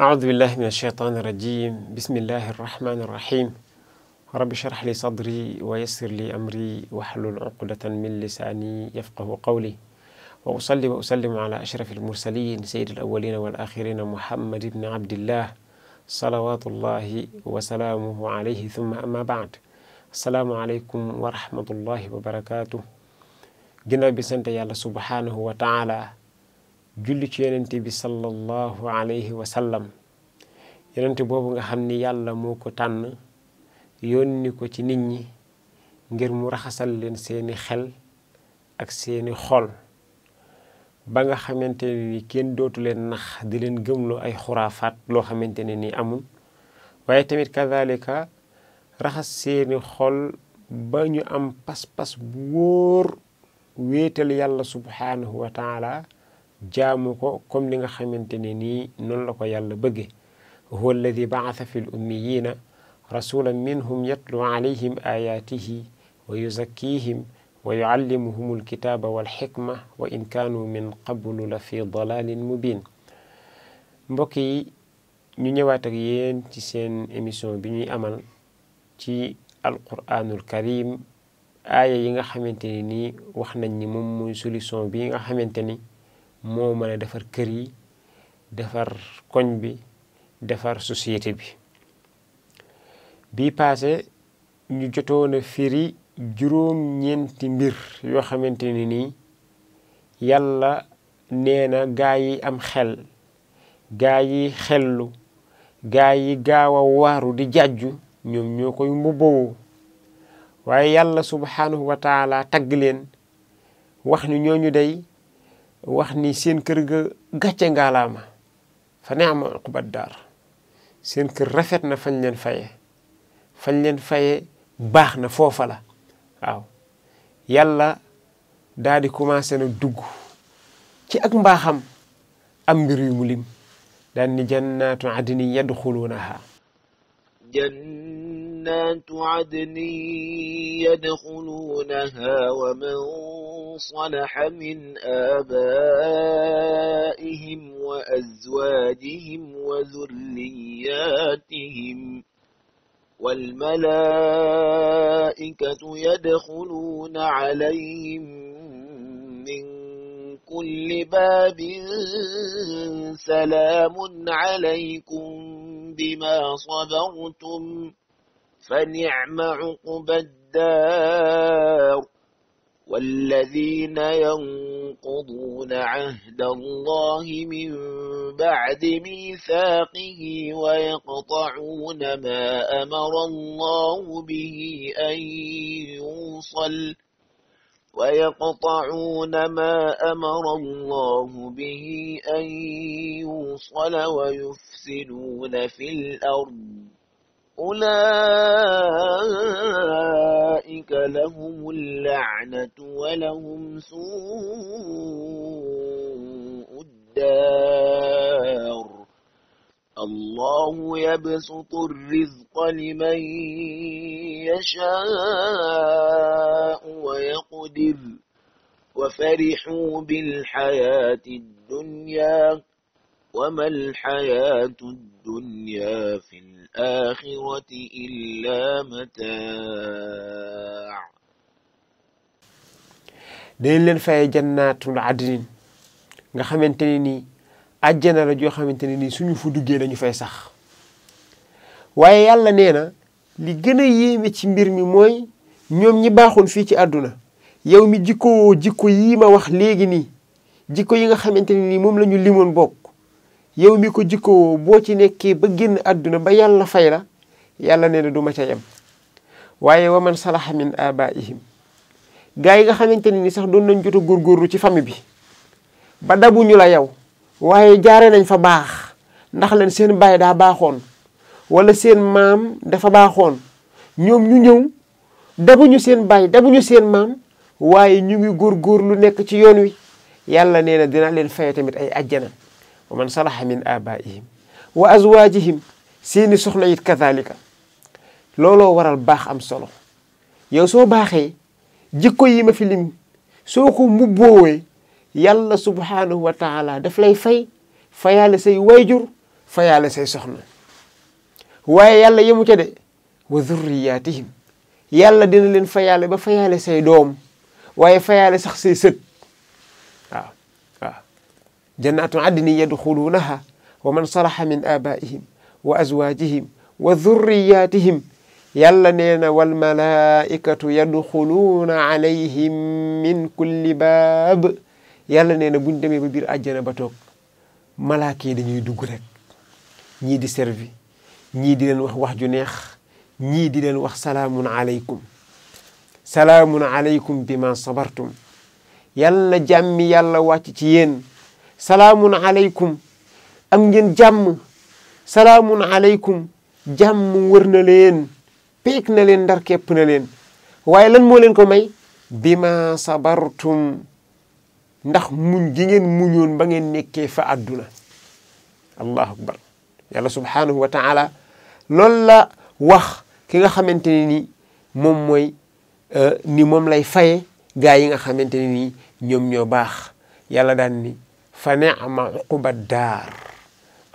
أعوذ بالله من الشيطان الرجيم بسم الله الرحمن الرحيم رب اشرح لي صدري ويسر لي أمري واحلل عقدة من لساني يفقه قولي وأصلي وأسلم على أشرف المرسلين سيد الأولين والآخرين محمد بن عبد الله صلوات الله وسلامه عليه ثم أما بعد السلام عليكم ورحمة الله وبركاته جنب سنتي الله سبحانه وتعالى julli ci yonente bi sallallahu alayhi wa sallam yonente boobu nga xam ni yàlla moo ko tànn yónni ko ci nit ñi ngir mu raxasal leen seeni xel ak seeni xol ba nga xamante ni kenn dootu leen nax di leen gëmloo ay xuraafaat loo xamante ne ni amul waaye tamit kadalika raxas seeni xol ba ñu am pas-pas bu wóor wéetal yàlla subhaanahu wa جاموكو كم لنغا خمين تنيني نون لكو يالا بغي هو الذي بعث في الأميين رسولا منهم يتلو عليهم آياته ويزكيهم ويعلمهم الكتاب والحكمة وإن كانوا من قبل لفي ضلال مبين مبكي ñu ñëwaat ak yéen ci seen émission bi ñuy amal ci alquranul karim aaya yi nga xamante ni wax nañ moo mën a defar kër yi defar koñ bi defar societé bi bi paase ñu jotoon a firi juróom-ñeenti mbir yoo xamante ni nii yàlla neena gaa yi am xel gaa yi xellu gaa yi gaaw a waaru di jàjju ñoom ñoo koy mbubboo waaye yàlla subhaanahu wa taala tagg leen wax ni ñooñu day wax ni seen kër ga gàcce ngaalaama fa ne ama uqbat daar seen kër rafet na fañ leen faye fañ leen faye baax na foofa la waaw yàlla daal di commencé na dugg ci ak mbaxam am mbir yu mu lim daan ni jannaatu adnin yadxuluunaha جنات عدن يدخلونها ومن صلح من آبائهم وأزواجهم وذرياتهم والملائكة يدخلون عليهم من كل باب سلام عليكم بما صبرتم فنعم عقبى الدار والذين ينقضون عهد الله من بعد ميثاقه ويقطعون ما أمر الله به أن يوصل ويقطعون ما أمر الله به أن يوصل ويفسدون في الأرض أولئك لهم اللعنة ولهم سوء الدار الله يبسط الرزق لمن يشاء ويقدر وفرحوا بالحياة الدنيا وما الحياة leen faye jannaatul adnin nga xamante ne nii àjjana la joo xamante ne nii suñu fu duggee dañu fay sax waaye yàlla nee na li gën a ci mbir mi mooy ñoom ñi baaxul fii ci àdduna yow mi jikko jikko yi ma wax léegi nii jikko yi nga xamante ne nii moom lañu limoon bokk yow mi ko jikkoo boo ci nekkee ba génn àdduna ba yàlla fay la yàlla nee na du ma ca yem waaye wa man salaha min abaihim gaa yi nga xamante ne ni sax doon nañ jot góor góorlu ci famille bi ba dabuñu la yow waaye jaare nañ fa baax ndax leen seen baay daa baaxoon wala seen maam dafa baaxoon ñoom ñu ñëw dabuñu seen baay dabuñu seen maam waaye ñu ngi góorgóorlu nekk ci yoon wi yàlla nee na dina leen fay tamit ay ajjana ومن صلح من آبائهم وأزواجهم سيني سخنا كذلك لولا ورا الباخ أم صلو يو سو باخي جيكو يما فيلم سوكو مبوي يالله سبحانه وتعالى دفلي في فيال سي ويجر فيال سي سخنا واي يالله يمو كده وذرياتهم يالله دينا لين فيال بفيال سي دوم واي فيال سخ سي ست jannatu adnin yadxuluunaha wa man salaha min abaihim wa azwajihim wa dhurriyatihim yàlla nee na wal malaikatu yadxuluuna alayhim min kulli baab yàlla nee na buñ demee ba biir àjjana ba toog malaaka yi dañuy dugg rek ñii di servi ñii di leen wax wax ju neex ñii di leen wax salaamun aleykum salaamun aleykum bi sabartum yàlla jàmmi yàlla wàcc ci yéen salamun alaykum am ngeen jam salamun alaykum jàmm wër na leen peek na leen ndar kep na leen waye lan mo leen ko may bima sabartum ndax muñ gi ngeen muñoon ba ngeen nekké fa aduna allah akbar yalla subhanahu wa taala lol la wax ki nga xamanteni ni moom mooy euh, ni mom lay fayé gaay yi nga xamanteni ni ñom ñoo baax yalla daan ni fa ni'ma uquba daar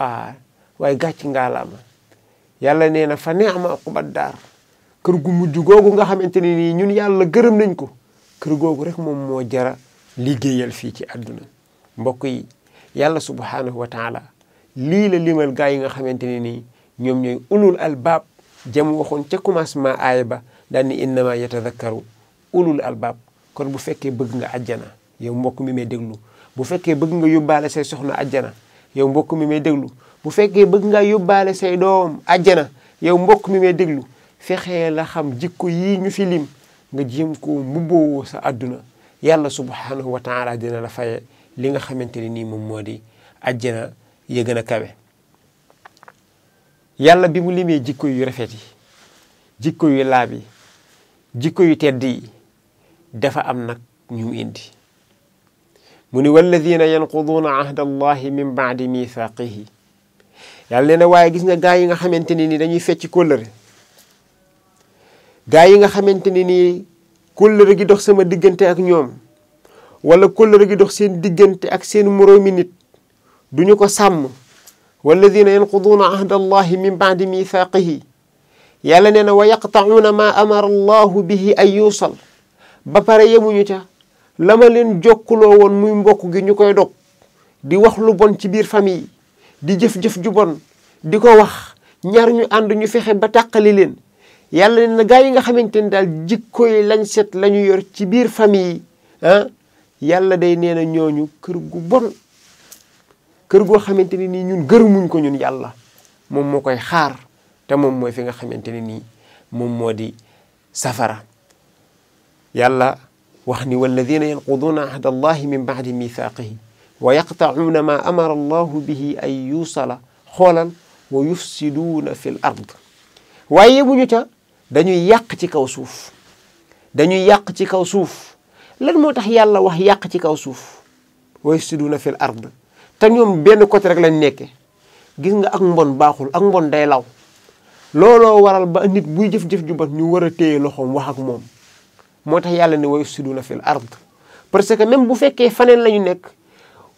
ah waaye gàcc ngaalaama yàlla nee na fa ni'ma uquba daar kër gu mujj googu nga xamante ne nii ñun yàlla gërëm nañ ko kër googu rek moom moo jara liggéeyal fii ci àdduna mbokk yi yàlla subhaanahu wa taala lii la limal gaa yi nga xamante ne nii ñoom ñooy ulul albaab jam waxoon ca commencement aaya ba daan ni innama yatadakkaru ulul albaab kon bu fekkee bëgg nga àjjana yow mbokk mi déglu bu fekkee bëgg nga yóbbaale say soxna ajjana yow mbokk mi may déglu bu fekkee bëgg nga yóbbaale say doom ajjana yow mbokk mi may déglu fexee la xam jikko yi ñu fi lim nga jéem ko mbubboo sa àdduna yàlla subhanahu wa taala la faye li nga xamante ne nii moom moo di ajjana ya gën a kawe yàlla bi mu limee jikko yu rafet yi jikko yu laab jikko yu tedd yi dafa am nag ñu indi mu ni walladina yanquduuna ahda allahi min baadi mithaqihi yàlla nee na waaye gis nga gaa yi nga xamante ne ni dañuy fecc kóllëre gaa yi nga xamante ni nii kóllëre gi dox sama diggante ak ñoom wala kóllëre gi dox diggante ak seen moroomi nit duñu ko sàmm walladina yanquduuna ahda allahi min baadi mithaqihi yàlla nee na wa yaqtauna ma amara allahu bihi an yuusal ba pare yemuñu ca la leen jokkuloo woon muy mbokk gi ñu koy dog di wax lu bon ci biir famille di jëf-jëf ju bon di ko wax ñaar ñu ànd ñu fexe ba tàqali leen yàlla ne na gaa yi nga xamante ni daal jikko yi lañ set la ñu yor ci biir famille ah yàlla day nee na ñooñu kër gu bon kër goo xamante ni nii ñun gërëmuñ ko ñun yàlla moom moo koy xaar te moom mooy fi nga xamante ne nii moom moo di safara yàlla wax ni walladina yanquduuna ahda allahi min baadi mithaaqihi wa yaqtauuna maa amara allahu bihi an yuusala xoolal wa yufsiduuna fi l ard waaye ca dañuy yàq ci kaw suuf dañuy yàq ci kaw suuf lan moo tax yàlla wax yàq ci kaw suuf wa yufsiduuna fi l ard te ñoom benn côté rek lañ nekke gis nga ak mbon baaxul ak mbon day law looloo waral ba nit buy jëf-jëf ju bon ñu war a téye loxoom wax ak moom moo tax yàlla ne wa yufsiduna fil ard parce que même bu fekkee faneen la ñu nekk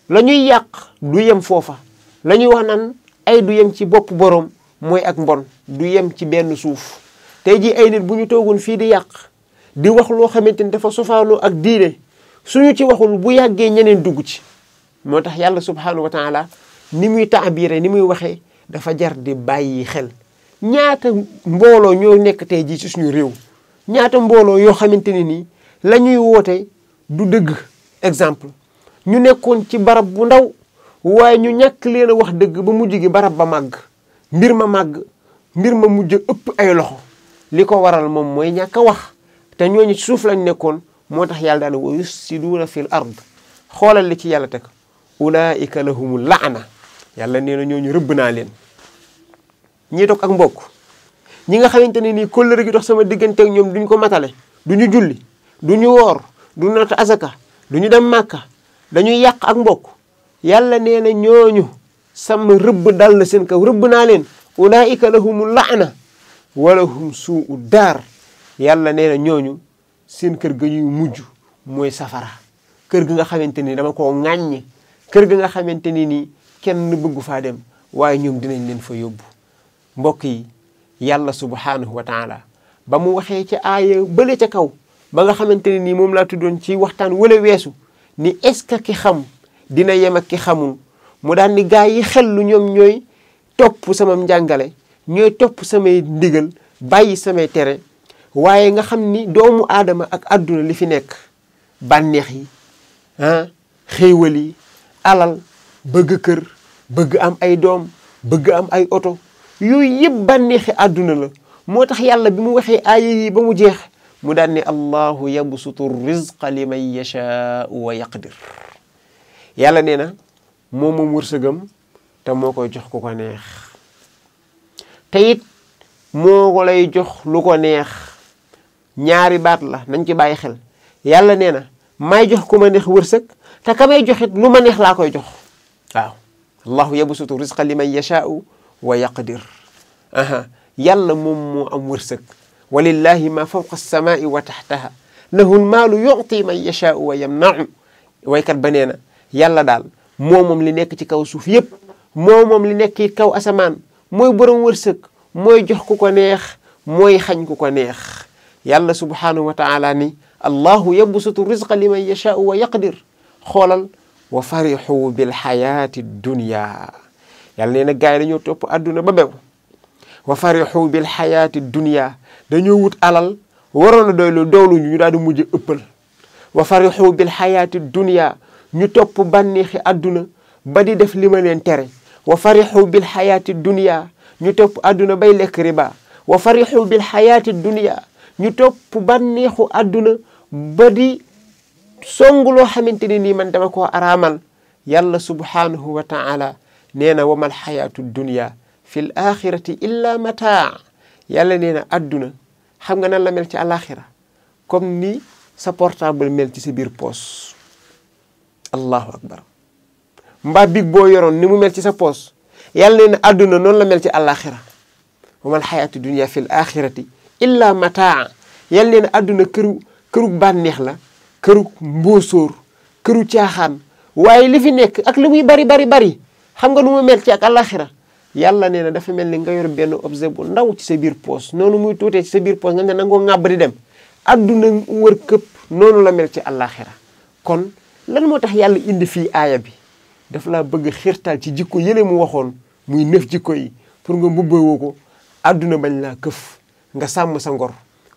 la ñuy yàq du yem foofa la ñuy wax naan ay du yem ci bopp boroom mooy ak mbon du yem ci benn suuf tey jii ay nit bu ñu toogoon fii di yàq di wax loo xamante ni dafa sofaanoo ak diine suñu ci waxul bu yàggee ñeneen dugg ci moo tax yàlla subhaanahu wa taala ni muy taabire ni muy waxee dafa jar di bàyyi xel ñaata mbooloo ñoo nekk tey jii ci suñu réew ñaata mbooloo yoo xamante ne nii la woote du dëgg exemple ñu nekkoon ci barab bu ndaw waaye ñu ñàkk leen a wax dëgg ba mujj gi barab ba màgg mbir ma màgg mbir ma mujj ëpp ay loxo li ko waral moom mooy ñàkk wax te ñooñu ci suuf lañ nekkoon moo tax yàlla daal wa yusiduuna fil ard xoolal li ci yàlla teg ulaika lahumul laana yàlla nee na ñooñu rëbb naa leen ñii toog ak mbokk ñi nga xamanteni ni nii gi dox sama digënté ak ñom duñ ko matalé duñu julli duñu wor du nat azaka duñu dem makka dañu yaq ak mbokk yalla neena ñoñu sam rubb dal na seen kaw rubb na leen ulaika lahumul laana wa suu su'ud dar yalla neena ñoñu seen kër ga ñuy mujj safara kër gi nga xamanteni dama ko ngagne kër gi nga xamanteni ni kenn bëggu fa dem waye ñoom dinañ leen fa yobbu mbokk yi yàlla subhaanahu wa taala ba mu waxee ca aaya bële ca kaw ba nga xamante ne nii moom laa tuddoon ci waxtaan wala weesu ni est-ce que ki xam dina yem ak ki xamul mu daan ni gaa yi xel lu ñoom ñooy topp sama njàngale ñooy topp samay ndigal bàyyi samay tere waaye nga xam ni doomu aadama ak àdduna li fi nekk bànneex yi ah xéewal yi alal bëgg kër bëgg am ay doom bëgg am ay oto yooyu yëpp bànneexi àdduna la moo tax yàlla bi mu waxee aaya ba mu jeex mu daan ne allahu yabsutu rizqa liman yashaa wa yaqdir yàlla nee na moom moom wërsëgam te moo koy jox ku ko neex te it moo ko lay jox lu ko neex ñaari baat la nañ ci bàyyi xel yàlla nee na may jox ku ma neex wërsëg te ka joxit lu ma neex laa koy jox waaw allahu yabsutu rizqa liman yashaau ويقدر أها يلا مم أم ورسك ولله ما فوق السماء وتحتها له المال يعطي من يشاء ويمنع ويكر بنينا يلا دال موم لي نيك تي كاو سوف ييب موم لي نيك كاو اسمان موي بروم ورسك موي جوخ كوكو نيه موي خاج كوكو نيه يلا سبحانه وتعالى ني الله يبسط الرزق لمن يشاء ويقدر خولل وفرحوا بالحياه الدنيا يال نينا غاي نيو توپ ادونا با ميو وفرحوا بالحياه الدنيا دانيو ووت علال ورونا دويلو دولو ني دادو موجي ايبل وفرحوا بالحياه الدنيا ني توپ بانيخي ادونا با دي ديف لي مالين تيري وفرحوا بالحياه الدنيا ني توپ ادونا باي ليك ريبا وفرحوا بالحياه الدنيا ني توپ بانيخو ادونا با دي سونغلو خامتيني ني من داما كو ارامل يالله سبحانه وتعالى نينا وما الحياة الدنيا في الآخرة إلا متاع يلا نينا أدنا حمغنا الله نعم ملتي الآخرة كم ني سبورتابل ملتي سبير بوس الله أكبر مبا بيك بو يرون نمو ملتي سبوس يلا نينا أدنا نون ملتي الآخرة وما الحياة الدنيا في الآخرة إلا متاع يلا نينا أدنا كرو كرو بان نخلا كرو مبوسور كرو تياخان waye li fi nek ak lu muy xam nga nu mu mel ci ak àllaaxira yàlla nee na dafa mel ni nga yor benn objet bu ndaw ci sa biir poos noonu muy tuutee ci sa biir poos nga ne nangoo ŋàbb di dem adduna wër këpp noonu la mel ci àllaaxira kon lan moo tax yàlla indi fii aaya bi daf laa bëgg xiirtal ci jikko yële mu waxoon muy nëf jikko yi pour nga mbubbawoo ko adduna bañ laa këf nga sàmm sa ngor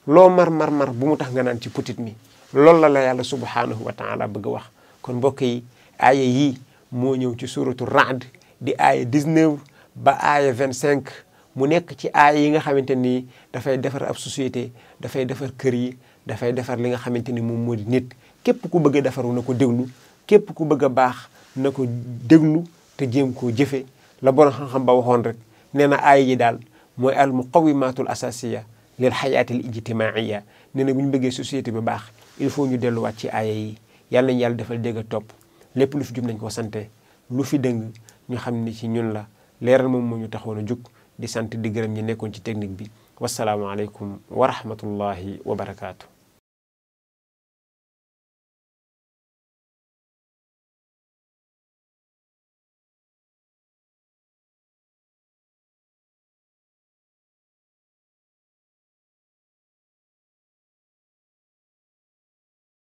loo mar mar mar bu mu tax nga naan ci petit mi loolu la la yàlla subhaanahu wa taala bëgg wax moo ñëw ci suratu Ra'd di aaya 19 ba aaya 25 mu nekk ci aaya yi nga xamante ni dafay defar ab société dafay defar kër yi dafay defar li nga xamante ni moom moo di nit képp ku bëgg a defaru na ko déglu képp ku bëgg a baax na ko déglu te jéem koo jëfe la borom xam-xam ba waxoon rek nee na aaya yi daal mooy al muqawimatul asasiya lil xayaatil ijtimaaiya nee na bu ñu bëggee société bi baax il faut ñu delluwaat ci aaya yi yàlla nañu yàlla defal dégg a topp lépp lu fi jub nañ ko sante lu fi dëng ñu xam ni ci ñun la leeral moom moo ñu taxoon a jug di sant di gërëm ñi nekkoon ci technique bi wasalaamaaleykum wa rahmatullahi wa barakaatu.